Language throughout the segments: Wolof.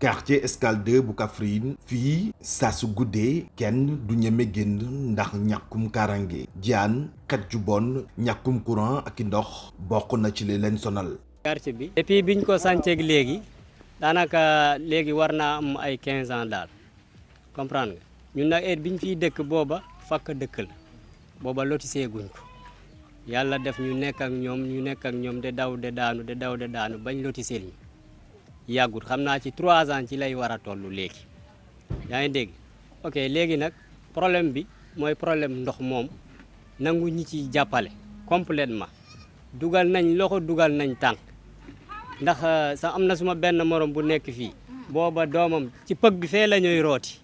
quartier Escale 2 bu Kaffrine fii saa su guddee kenn du ñeme génn ndax ñàkkum karange jaan kat ju bon ñàkkum courant ak i ndox bokk na ci li leen sonal. quartier bi depuis ñu ko sànceeg léegi daanaka léegi war naa am ay 15 ans daal comprendre nga ñun nag heure biñ fiy dëkk booba fakk dëkk la booba lotissé guñ ko. yàlla def ñu nekk ak ñoom ñu nekk ak ñoom de daw de daanu de daw de daanu bañ lotiseel yi yàggut xam naa ci trois ans ci lay war a toll léegi yaa ngi dégg ok léegi nag problème bi mooy problème ndox moom nangu ñi ci jàppale complètement dugal nañ loxo dugal nañ tànk ndax euh, sax am na suma benn morom bu nekk fii booba doomam ci pëg bi fee la ñuy rooti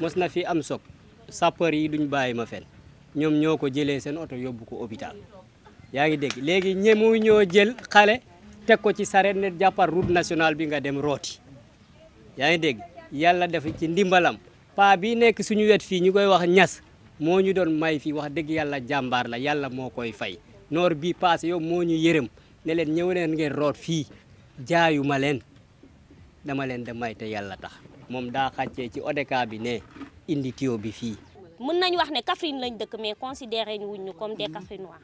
mos na fi am soog sapeur yi duñ bàyyi ma fen ñoom ñoo ko jëlee seen oto yóbbu ko hôpital yaa ngi dégg léegi ñemu ñoo jël xale teg ko ci sareet ne jàppal route nationale bi nga dem rooti yaa ngi dégg yàlla def ci ndimbalam paa bi nekk suñu wet fii ñu koy wax ñas moo ñu doon may fi wax dëgg yàlla jàmbaar la yàlla moo koy fay noor bi paase yow moo ñu yërëm ne leen ñëw leen ngeen root fii jaayuma leen dama leen da may te yàlla tax moom daa xàccee ci ODCAV bi ne indi tuyau bi fii. nañu wax ne Kaffrine lañ dëkk mais considéré wuñ ñu comme des Kaffrinois.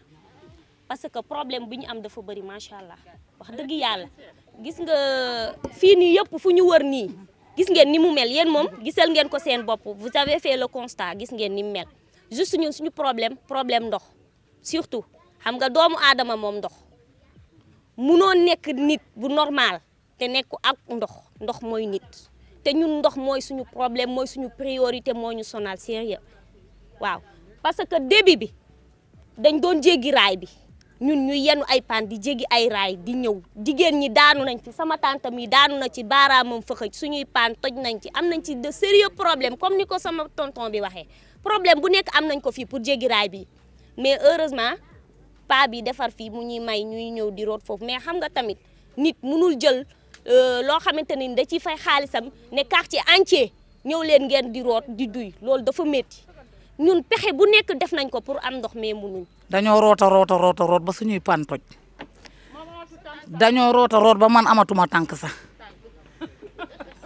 parce que problème bu ñu am dafa bëri macha allah wax dëgg yàlla gis nga fii nii yëpp fu ñu wër nii gis ngeen ni mu mel yéen moom gisal ngeen ko seen bopp vous avez fait le constat gis ngeen ni mu mel juste ñun suñu problème problème ndox surtout xam nga doomu aadama moom ndox munoo nekk nit bu normal te nekk ak ndox ndox mooy nit te ñun ndox mooy suñu problème mooy suñu priorité moo ñu sonal sérieux waaw parce que début bi dañ doon jéggi raay bi ñun ñu yenu ay paan di jéggi ay raay di ñëw jigéen ñi daanu nañ ci sama tante yi daanu na ci baaraamam fëxëj suñuy paan toj nañ ci am nañ ci de sérieux problème comme ni ko sama tonton bi waxee problème bu nekk am nañ ko fii pour jéggi raay bi mais heureusement pa bi defar fii mu ñuy may ñuy ñëw di root foofu mais xam nga tamit nit munul jël euh, loo xamante ni da ciy fay xaalisam ne quartier entier ñëw leen ngeen di root di duy loolu dafa métti ñun pexe bu nekk def nañ ko pour am ndox mais mënuñ dañoo roota roota root ba suñuy pan toj dañoo roota root ba man amatuma tànk sax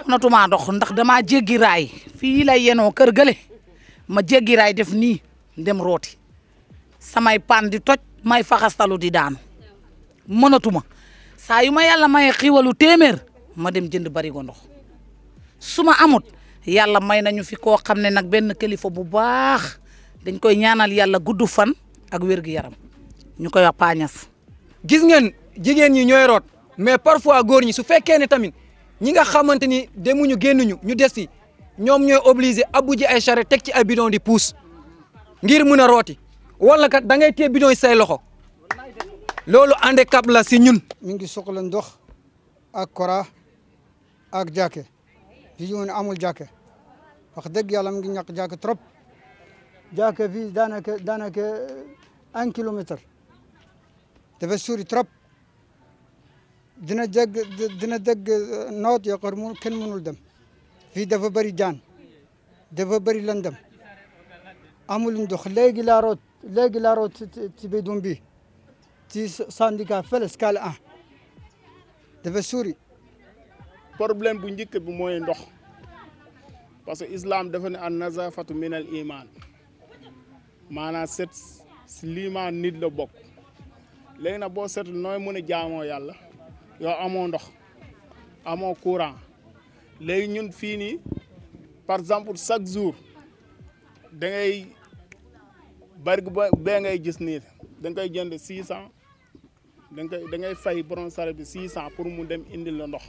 mënatuma dox ndax damaa jéggi raay fii lay yenoo kër ma jéggi def nii dem rooti samay pan di toj may faxastalu di daanu mënatuma saa yu ma yàlla may xiwalu téeméer ma dem jënd barigo ndox suma ma amut yàlla may nañu fi koo xam ne nag benn kilifa bu baax dañ koy ñaanal yàlla gudd fan ak wér-gu-yaram ñu koy wax gis ngeen jigéen ñi ñooy root mais parfois góor ñi su fekkee ne tamit ñi nga xamante ni demuñu génnuñu ñu des ci ñoom ñooy obligé abu ji ay charrette teg ci ay bidon di pousse ngir mun a rooti wala kat da ngay téye bidon say loxo loolu handicap la si ñun. mi ngi soxla ndox ak kora ak jaake fii ñu amul jaake wax dëgg yàlla mi ngi jaake trop jaake fii daanaka daanaka un kilomètre dafa trop dina dégg dina dégg euh, noot yoo kenn mënul dem fii dafa bari jaan dafa bëri lëndëm amul ndox léegi laa root léegi ci bidon bi ci syndicat fële Escale 1 dafa sori. problème bu njëkk bi mooy ndox parce que islam dafa ne an min al iman si liimaa nit la bokk léegi nag boo seetul nooy mën a jaamoo yàlla yow amoo ndox amoo courant léegi ñun fii nii par exemple chaque jour dangay ngay barke ba bee ngay gis nii da koy jënd six cent da koy da ngay fay borom saret bi six cent pour mu dem indil la ndox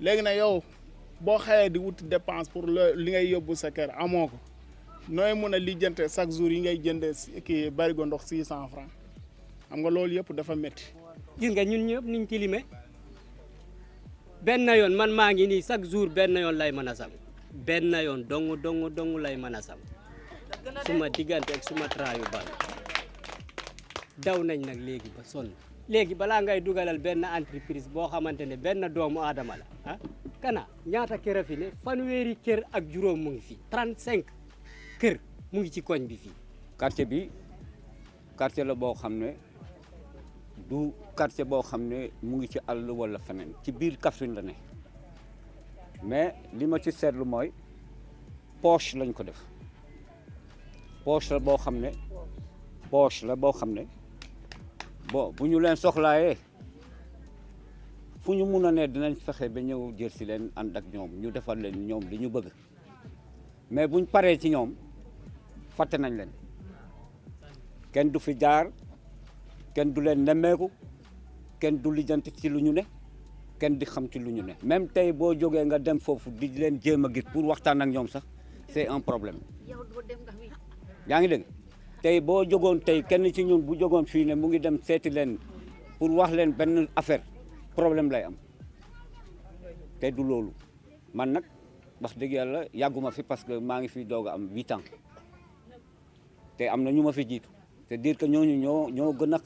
léegi nag yow boo xëyee di wut dépense pour li ngay yóbbu sa kër amoo ko nooy mun a lijjante chaque jour yi ngay jëndee kii barigo ndox six cent franc xam nga loolu yëpp dafa métti. gis nga ñun ñëpp niñ ci limee benn yoon man maa ngi nii chaque jour benn yoon lay mën a sangu benn yoon dong dong dong lay mën a sangu suma diggante ak suma traayu bal daw nañ nag léegi ba sonn léegi balaa ngay dugalal benn entreprise boo xamante ne benn doomu aadama la ah kana ñaata kër a fi ne fanweeri kër ak juróom mu ngi fi 35. kër mu ngi ci koñ bi fii. quartier bi quartier la boo xam ne du quartier boo xam ne mu ngi ci àll walla feneen ci biir Kaffrine la ne mais li ma ci seetlu mooy poche lañ ko def poche la boo xam ne poche la boo xam ne bo bu ñu leen soxlaayee fu ñu mun a ne dinañ fexe ba ñëw jël si leen ànd ak ñoom ñu defal leen ñoom li ñu bëgg mais buñ paree ci ñoom. fatte nañ leen kenn du fi jaar kenn du leen nemmeeku kenn du lijjanti ci lu ñu ne kenn di xam ci lu ñu ne même tey boo jógee nga dem foofu di leen jéem a gis pour waxtaan ak ñoom sax c'est un problème yaa ngi dégg tey boo jógoon tey kenn ci ñun bu jógoon fii ne mu ngi dem seeti leen pour wax leen benn affaire problème lay am te du loolu man nag wax dëgg yàlla yàgguma fi parce que maa ngi fi doog a am huit ans te am na ñu ma fi jiitu c'est-à-dire que ñooñu ñoo ñoo gën a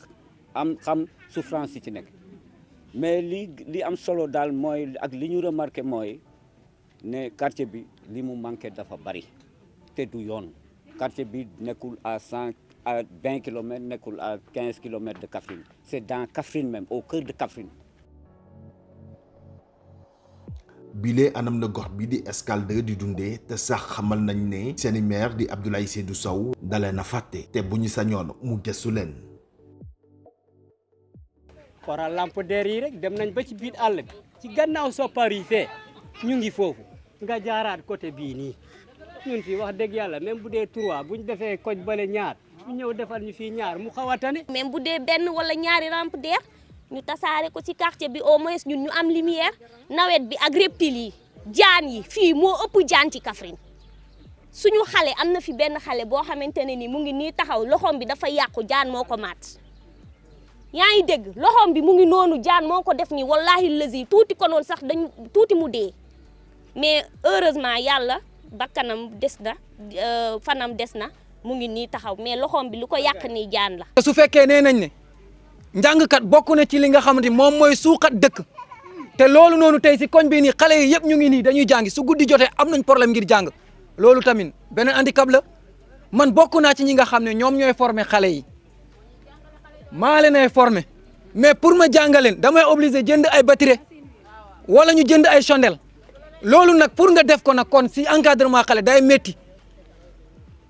am xam souffrance yi ci nekk mais li li am solo daal mooy ak li ñu remarqué mooy ne quartier bi li mu manqué dafa bari te du yoon quartier bi nekkul à cent à vingt kilomètres nekkul à quinze kilomètres de Kaffrine c'est dans Kaffrine même au cœur de Kaffrine bilee anam la gox bi di Escale 2 di dundee te sax xamal nañ ne seeni maire di Abdoulaye Seydou saw dale na fàtte te bu ñu sañoon mu gëstu leen xoolal lampadaire yi rek dem nañ ba ci biir àll bi ci gannaaw soppar yi fee ñu ngi foofu nga jaaraat côté bii nii ñun fii wax dëgg yàlla même bu dee trois buñ defee koj bale ñaar ñu ñëw defal ñu fii ñaar mu xaw a tane bu dee benn wala ñaari lampadaire ñu tasaare ko ci quartier bi au moins ñun ñu am lumière nawet bi ak reptiles yi jaan yi fii moo ëpp jaan ci Kaffrine suñu xale am na fi benn xale boo xamante ne nii mu ngi nii taxaw loxoom bi dafa yàqu jaan moo ko maat yaa ngi dégg loxoom bi mu ngi noonu jaan moo ko def nii wallahi lazi tuuti ko noonu sax dañu tuuti mu dee mais heureusement yàlla kanam des na euh, fanam des na mu ngi nii taxaw mais loxoom bi lu ko yàq nii jaan la. su fekkee nee nañ ne. njàngkat bokk na ci li nga xamante ni moom mooy suuxat dëkk te loolu noonu tey si koñ bi nii xale yi yëpp ñu ngi nii dañuy jàngi su guddi jotee am nañ problème ngir jàng loolu tamit beneen handicap la man bokk naa ci ñi nga xam ne ñoom ñooy former xale yi maa leen ay former mais pour ma jànga leen damay obligé jënd ay batterie wala ñu jënd ay chandelle loolu nag pour nga def ko nag kon si encadrement xale day métti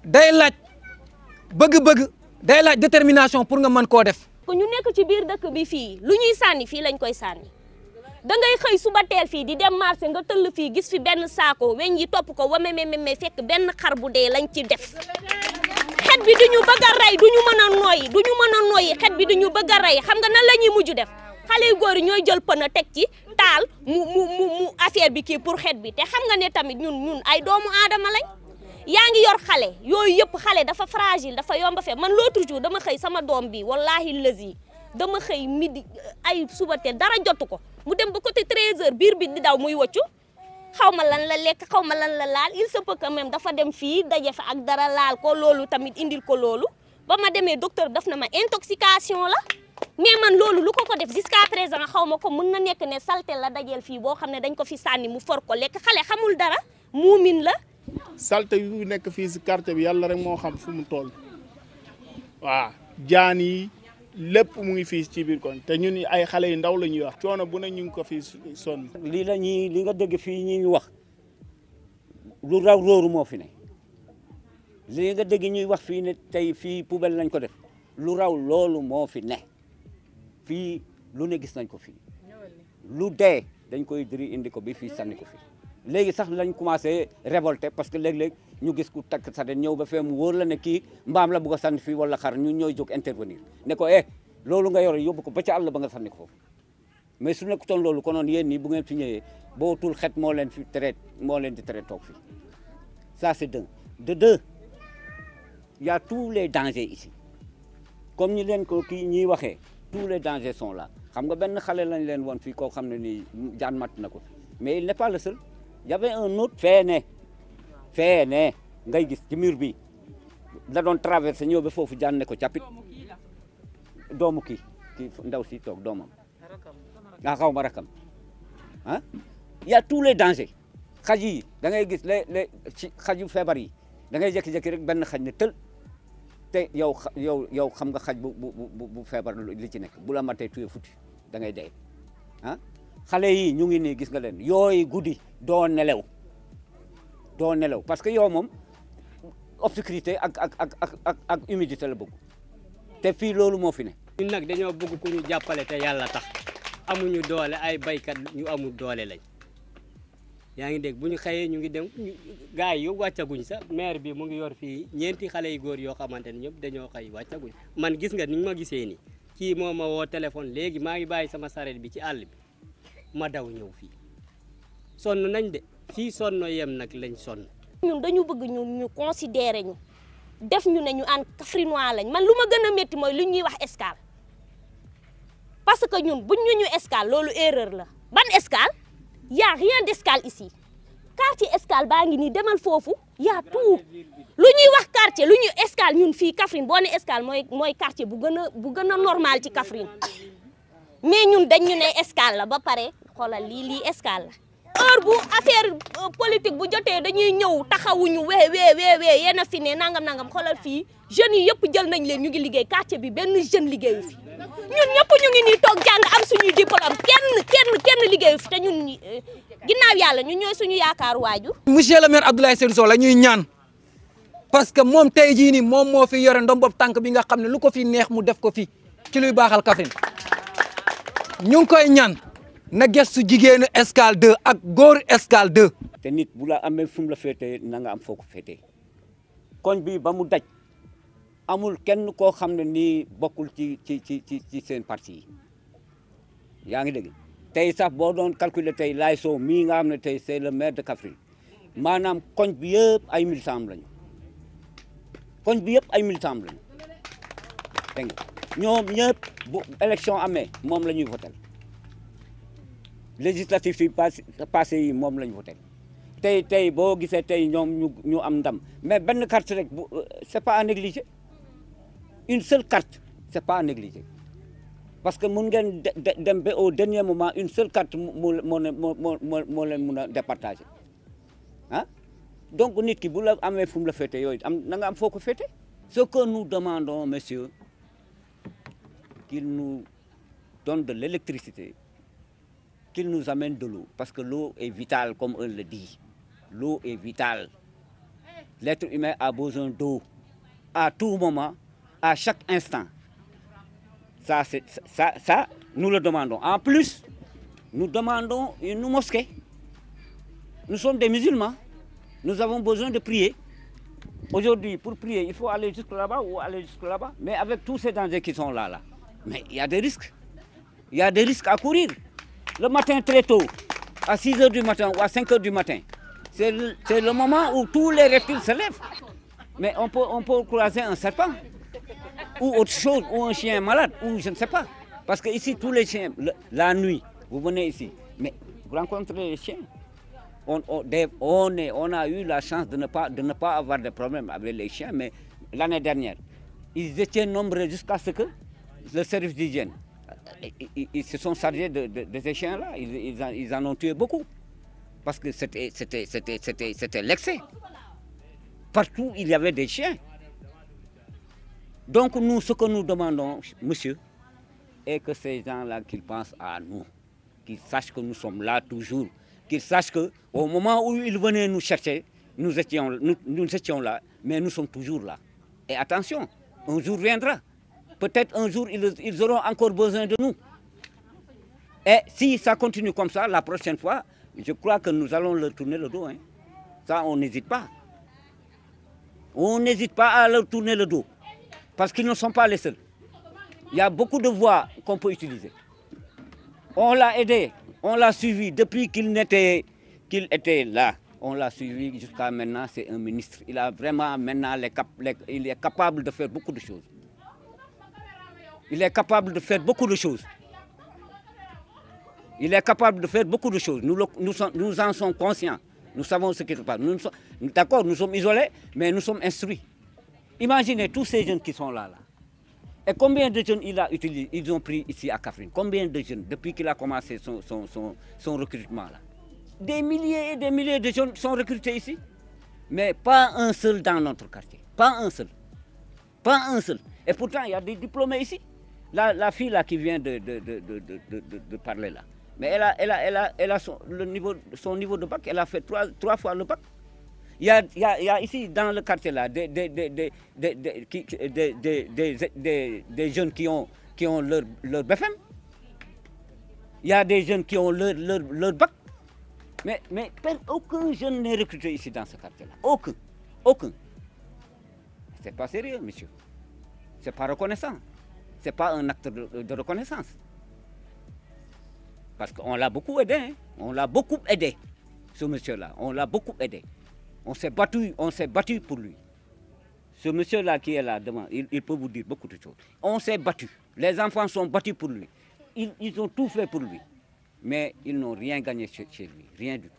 day laaj bëgg-bëgg day laaj détermination pour nga mën koo def ñu nekk ci biir dëkk bi fii lu ñuy sànni fii lañ koy sànni da ngay xëy suba teel fii di dem marché nga tëll fii gis fi benn saako weñ yi topp ko wame meme fekk benn xar bu dee lañ ci def xet bi duñu bëgg a rey duñu mën a nooyi duñu mën a nooyi xet bi duñu bëgg a rey xam nga nan lañuy mujj def xale yu góor yi ñooy jël pën a teg ci taal mu mu mu mu bi kii pour xet bi te xam nga ne tamit ñun ñun ay doomu aadama lañ yaa ngi yor xale yooyu yëpp xale dafa fragile dafa yomba fee man l'autre jour dama xëy sama doom bi wallahi lazi dama xëy midi ay suba teel dara jotu ko mu dem ba côté 13h biir bi di daw muy wëccu xaw ma lan la lekk xaw ma lan la laal il se peut quand même dafa dem fii daje fa ak dara laal ko loolu tamit indil ko loolu ba ma demee docteur daf na ma intoxication la mais man loolu lu ko ko def jusqu'à présent xaw ma ko mun na nekk ne salte la dajeel fii boo xam ne dañ ko fi sànni mu for ko lekk xale xamul dara muumin la salte yu nekk fiis si quartier bi yàlla rek moo xam fu mu toll waaw jaan yi lépp mu ngi fii ci biir kon te ñun ay xale yu ndaw la ñuy wax coono bu ne ñu ngi ko fii sonn. lii lañuy ñuy li nga dégg fii ñuy wax lu raw róoru moo fi ne li nga dégg ñuy wax fii ne tey fii poubelle lañ ko def lu raw loolu moo fi ne fii lu ne gis nañ ko fii lu dee dañ koy diri indi ko bii fii sànni ko fii léegi sax lañ commencé révolté parce que léeg-léeg ñu gis ku takk saret ñëw ba fee mu wóor la ne kii mbaam la bëgg a sànni fii wala xar ñu ñooy jog intervenir ne ko eh loolu nga yore yóbbu ko ba ca àll ba nga sànni ko mais su nekkutoon loolu konoon yéen nii bu ngeen fi ñëwee boo tul xet moo leen fi traité moo leen di traité toog fii ça c'est d'un de deux y tous les dangers ici comme ñi leen ko kii ñiy waxee tous les dangers sont la xam nga benn xale lañ leen woon fii koo xam ne nii jaan na ko mais il y avait un autre feene feene ngay gis ci mur bi la doon traversé ñëw ba foofu jànne ko capit doomu kii ndaw si toog doomam nga ah, xaw ma rakam ah y tous les dangers xaj yi da ngay gis les les ci xaju feebar yi da ngay rek benn xaj ne tël te yow yow yow xam nga xaj bu bu bu feebar li ci nekk bu la matee tuye futi da ngay dee xale yi ñu ngi nii gis nga leen yooyu guddi doo nelew doo nelew parce que yow moom obscurité ak ak ak ak ak ak humidité la bëgg te fii loolu moo fi ne. ñun nag dañoo bëgg ku ñu jàppale te yàlla tax amuñu doole ay baykat ñu amul doole lañ yaa ngi dégg bu ñu xëyee ñu ngi dem gars yi wàccaguñ sax maire bi mu ngi yor fii ñeenti xale yu góor yoo xamante ne ñëpp dañoo xëy wàccaguñ man gis nga ni ñu ma gisee nii kii moom ma woo téléphone léegi maa ngi bàyyi sama sareet bi ci àll bi. ma daw ñëw fii sonn nañ de fii sonno yem nag lañ sonn ñun dañu bëgg ñu ñu considérer ñu def ñu ne ñu an Kaffrinois lañ man lu ma gën a métti mooy lu ñuy wax escale parce que ñun buñ ñu ñu escale loolu erreur la ban escale yaa a rien d'escale ici quartier escale baa ngi nii demal foofu yaa tout lu ñuy wax quartier lu ñuy escale ñun fii Kaffrine boo ne escale mooy mooy quartier bu gën a bu gën a normal ci Kaffrine mais ñun dañ ñu ne escale la ba pare xolal lii lii escale la. heure bu affaire euh, politique bu jotee dañuy ñëw taxawuñu wee wee wee wee a fi ne nangam nangam xolal fii jeunes yi yëpp jël nañ leen ñu ngi liggéey quartier bi benn jeune liggéeyu fi ñun ñëpp ñu ngi toog jàng am suñuy diplôme kenn kenn kenn liggéeyu fi te ñun euh, ginnaaw yàlla ñun ñooy suñu yaakaar waaju monsieur le maire Abdoulaye Seydou Sow la ñuy ñaan parce que moom tey jii nii moom moo fi yore ndombop tànk bi nga xam ne lu ko fi neex mu def ko fi ci luy baaxal Kaffrine ñu ngi koy ñaan na gestu jigéenu Escale 2 ak góoru Escale 2. te nit bu la amee fum la féetee na nga am foo ko féetee koñ bi ba mu daj amul kenn koo xam ne nii bokkul ci ci ci ci ci seen parti yi yaa ngi dégg tey sax boo doon calculer tey laay soo mii nga am ne tey c'est le maire de Kaffrine maanaam koñ bi yëpp ay militants lañu koñ bi yëpp ay militants lañu dégg ñoom ñëpp bu élection amee moom la ñuy votel législatif yi passé yi moom lañu ñu votel tey tey boo gisee tey ñoom ñu ñu am ndam mais benn carte rek bu c'est pas à négliger une seule carte c'est pas à négliger parce que mun ngeen dem ba au dernier moment une seule carte moo moo moo moo leen mun a départager ah donc nit ki bu la amee fu mu la féete yooyu am na am foo ko féete ce que nous demandons messieurs qu'il nous donne de l'électricité, qu'il nous amène de l'eau, parce que l'eau est vitale, comme on le dit. L'eau est vitale. L'être humain a besoin d'eau à tout moment, à chaque instant. Ça, ça, ça, nous le demandons. En plus, nous demandons une mosquée. Nous sommes des musulmans. Nous avons besoin de prier. Aujourd'hui, pour prier, il faut aller jusque là-bas ou aller jusque là-bas. Mais avec tous ces dangers qui sont là, là, Mais il y a des risques. Il y a à courir. Le matin très tôt, à 6 h du matin ou à 5 h du matin, c'est le, le, moment où tous les reptiles se lèvent. Mais on peut, on peut croiser un serpent ou autre chose, ou un chien malade, ou je ne sais pas. Parce que ici, tous les chiens, le, la nuit, vous venez ici, mais vous rencontrez les On, on, on, a eu la chance de ne, pas, de ne pas avoir de problème avec les chiens, mais l'année dernière, ils étaient nombreux jusqu'à ce que le service d'hygiène, ils, ils, se sont chargés de, de, de ces chiens-là. Ils, ils, ils, en ont tué beaucoup. Parce que c'était l'excès. Partout, il y avait des chiens. Donc, nous, ce que nous demandons, monsieur, est que ces gens-là, qu'ils pensent à nous, qu'ils sachent que nous sommes là toujours, qu'ils sachent qu'au moment où ils venaient nous chercher, nous étions, nous, nous étions là, mais nous sommes toujours là. Et attention, un jour viendra. peut-être un jour, ils, ils, auront encore besoin de nous. Et si ça continue comme ça, la prochaine fois, je crois que nous allons leur tourner le dos. Hein. Ça, on n'hésite pas. On n'hésite pas à leur tourner le dos. Parce qu'ils ne sont pas les seuls. Il y a beaucoup de voies qu'on peut utiliser. On l'a aidé, on l'a suivi depuis qu'il était, qu était là. On l'a suivi jusqu'à maintenant, c'est un ministre. Il a vraiment maintenant, les cap il est capable de faire beaucoup de choses. il est capable de faire beaucoup de choses. Il est capable de faire beaucoup de choses. Nous, le, nous, nous en sommes conscients. Nous savons ce qui se passe. D'accord, nous sommes isolés, mais nous sommes instruits. Imaginez tous ces jeunes qui sont là. là. Et combien de jeunes il a utilisé, ils ont pris ici à Kafrine Combien de jeunes depuis qu'il a commencé son, son, son, son recrutement là Des milliers et des milliers de jeunes sont recrutés ici, mais pas un seul dans notre quartier. Pas un seul. Pas Et pourtant, il a des diplômés ici. La, la fille là qui vient de, de, de, de, de parler là, mais elle a, elle a, elle a, elle a son, le niveau, son niveau de bac, elle a fait trois, trois fois le bac. Il y a, il y a, il y a ici, dans le quartier là, des, des, des, des, des jeunes qui ont, qui ont leur, leur BFM. Il y a des jeunes qui ont leur, leur, leur bac. Mais, mais aucun jeune n'est recruté ici dans ce quartier-là. Aucun. Aucun. C'est pas sérieux, monsieur. C'est pas reconnaissant. c'est pas un acte de, reconnaissance parce qu'on l'a beaucoup aidé on l'a beaucoup aidé ce monsieur-là on l'a beaucoup aidé on s'est battu on s'est battu pour lui ce monsieur-là qui est là devant il, il peut vous dire beaucoup de on s'est battu les enfants sont battus pour lui ils, ils ont tout fait pour lui mais ils n'ont rien gagné chez, chez lui rien du tout